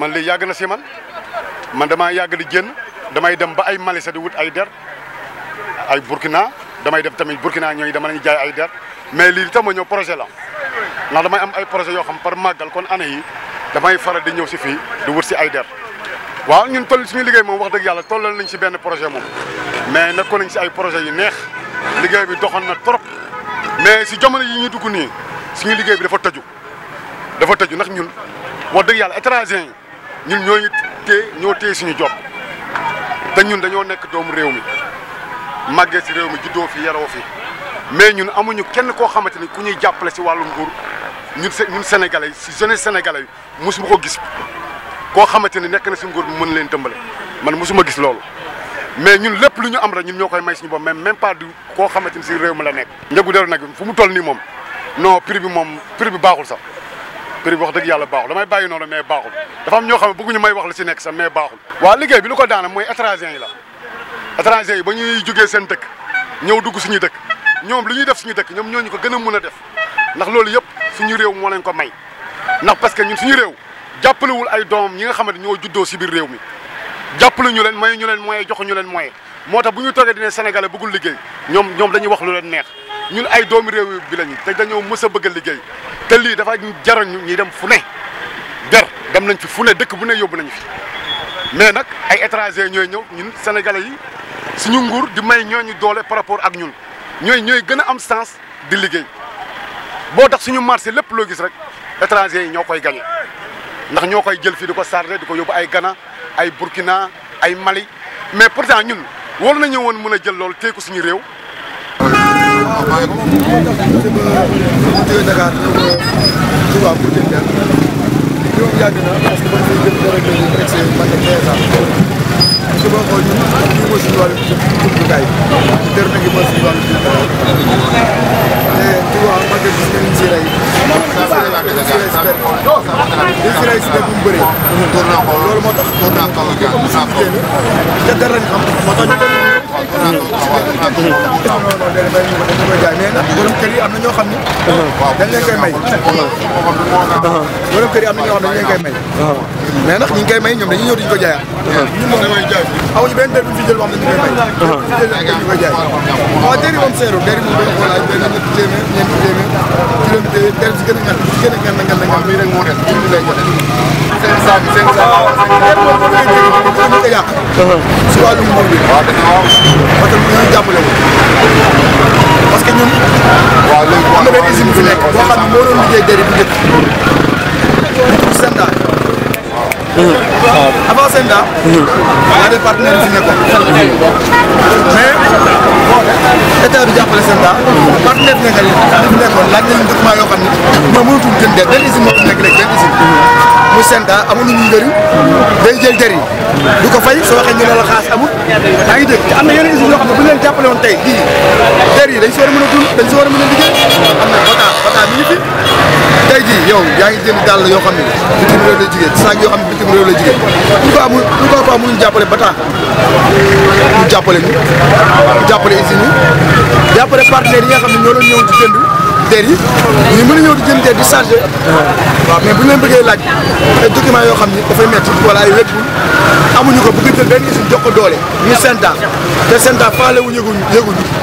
man li yàgg na si man man damaa yàgg di génn damay dem ba ay Mali di wut ay der ay Burkina damay dem tamit Burkina ñooñu dama lañu jaay ay der mais lii tax ma ñëw projet la ndax damay am ay projet yoo xam par màggal kon année yi damay faral di ñëw si fii di wut si ay der waaw ñun toll suñu liggéey moom wax dëgg yàlla tollal nañ si benn projet moom mais nekkoon nañ si ay projet yu neex liggéey bi doxoon na trop mais si jamono yi ñu dugg nii suñu liggéey bi dafa tëju dafa tëju ndax ñun wax dëgg yàlla étranger yi ñun ñoo ñu téye ñoo téye suñu job te ñun dañoo nekk doomu réew mi màggee si réew mi juddoo fi yaroo fi mais ñun amuñu kenn koo xamante ni ku ñuy jàppale si wàllu nguur ñun ñun sénégalais si jeunesse sénégalais yi mosuma ko gis koo xamante ni nekk na si nguur mu mën leen dëmbale man mosuma gis loolu. mais ñun lépp lu ñu am la ñun ñoo koy may suñu bopp mais même du koo xamante ni si réew mi la nekk. njëgu dër nag fu mu toll nii moom non prix bi moom prix bi baaxul sax. prix wax dëgg yàlla baaxul damay bàyyi noonu mais baaxul dafa am ñoo xam ne ñu may wax lu si nekk sax mais baaxul waa liggéey bi lu ko daana mooy étranger yi la étranger yi ba ñuy jógee seen dëkk ñëw dugg suñu dëkk ñoom lu ñuy def suñu dëkk ñoom ñooñu ko gën mën a def ndax loolu yëpp suñu réew moo leen ko may ndax parce que ñun suñu réew jàppalewul ay doomam ñi nga xamante ñoo juddoo si bi réew mi jàpp lu ñu leen may ñu leen moyen joxu ñu leen moyen moo tax bu ñu toogee dine sénégalais bëggul liggéey ñoom ñoom dañuy wax lu leen neex ñun ay doomu réew bi lañu te dañoo mës a bëgg liggéey te lii dafa jaral ñu ñuy dem fu ne jar dem nañ fi fu ne dëkk bu ne yóbbu nañu fi mais nag ay étrangers ñooy ñëw ñun sénégalais yi suñu nguur di may ñooñu doole par rapport ak ñun ñooy ñooy gën a am sens di liggéey boo tax suñu marché lépp loo gis rek étrangers yi ñoo koy gañe ndax ñoo koy jël fii di ko chargé di ko yóbbu ay gana ay Burkina ay Mali mais pourtant ñun war nañu woon mën a jël loolu téye suñu réew. waaw maa ngi ko ma jógee Dakar ñëw ba Touba pour jënd benn kii moom yàgg na parce que ba ñu jëm dara ñu rek see man de PSA. parce que boo xool ñun ñu ngi suñu wàllu jumtukaay bi dër na ngi mooy suñu wàllu jumtukaay te Touba man de gis ngeen si rey. li si rey si def bu mu bëree. loolu moo tax ñu si jigéen te dara ñu xam moo tax ñu nga ne may ñu ko dañ koy jaay mais nag borom kër yi am na ñoo xam ne dañ leen koy may borom kër yi am na ñoo xam ne dañ leen koy may mais nag ñi ngi koy may ñoom dañuy ñëw di ñu ko jaayaat ñun moom amuñu benn dër bu fi jël wax nañ ñu koy may jël ñu koy jaay waaw dëri moom seeru dëri moom dañ ko laaj benn ñetti téeméer ñeenti téeméer juróomi téeméer si gën a ngan si gën a ngan na ngan na ngan mii rek moo des ñu lay joxe seen saako seen saako ko yàq si wàllum moom bi parce que ñu jàppale ko parce que ñun. waaw léegi am na benn usine bu nekk boo xam ne moo doon liggéey deri bu njëkk. pour Senda. waaw. avant Senda. Mm-hmm. y a des partenaires yu fi nekkoon. mais état bi jàppale Senda. Mm-hmm. partenaire bi nekkoon laaj nañu document yoo xam ne. ñoom mënatuñu jënd der benn usine moo fi nekk rek benn usine. Mm-hmm. amul senta amul lu ñu njëriñ day jël jëriñ du ko fay soo waxee ñu ne la xaas amul yaa ngi te am na yeneen usines yoo xam ne bu ñu leen jàppale woon tey jii jër yi dañ si war a mën a dund dañ si war a mën a liggéey am na bata bata mi ngi fi tey jii yow yaa ngi jënd dàll yoo xam ne bitim réew la jigéen saag yoo xam ne bitim réew la jigéen ñu ko amul ñu ko amul jàppale bata ñu jàppale ñu jàppale usines yi jàppale partenaires yi nga xam ne ñoo doon ñëw jënd der yi ñu mën ñëw di jënd di chargé waaw mais bu ñu leen bëggee laaj ay documents yoo xam ni dafay metti wala ay wet amuñu ko bëgg jël benn usine jox ko doole ñu senta te senta faale wu yëguñu yëguñu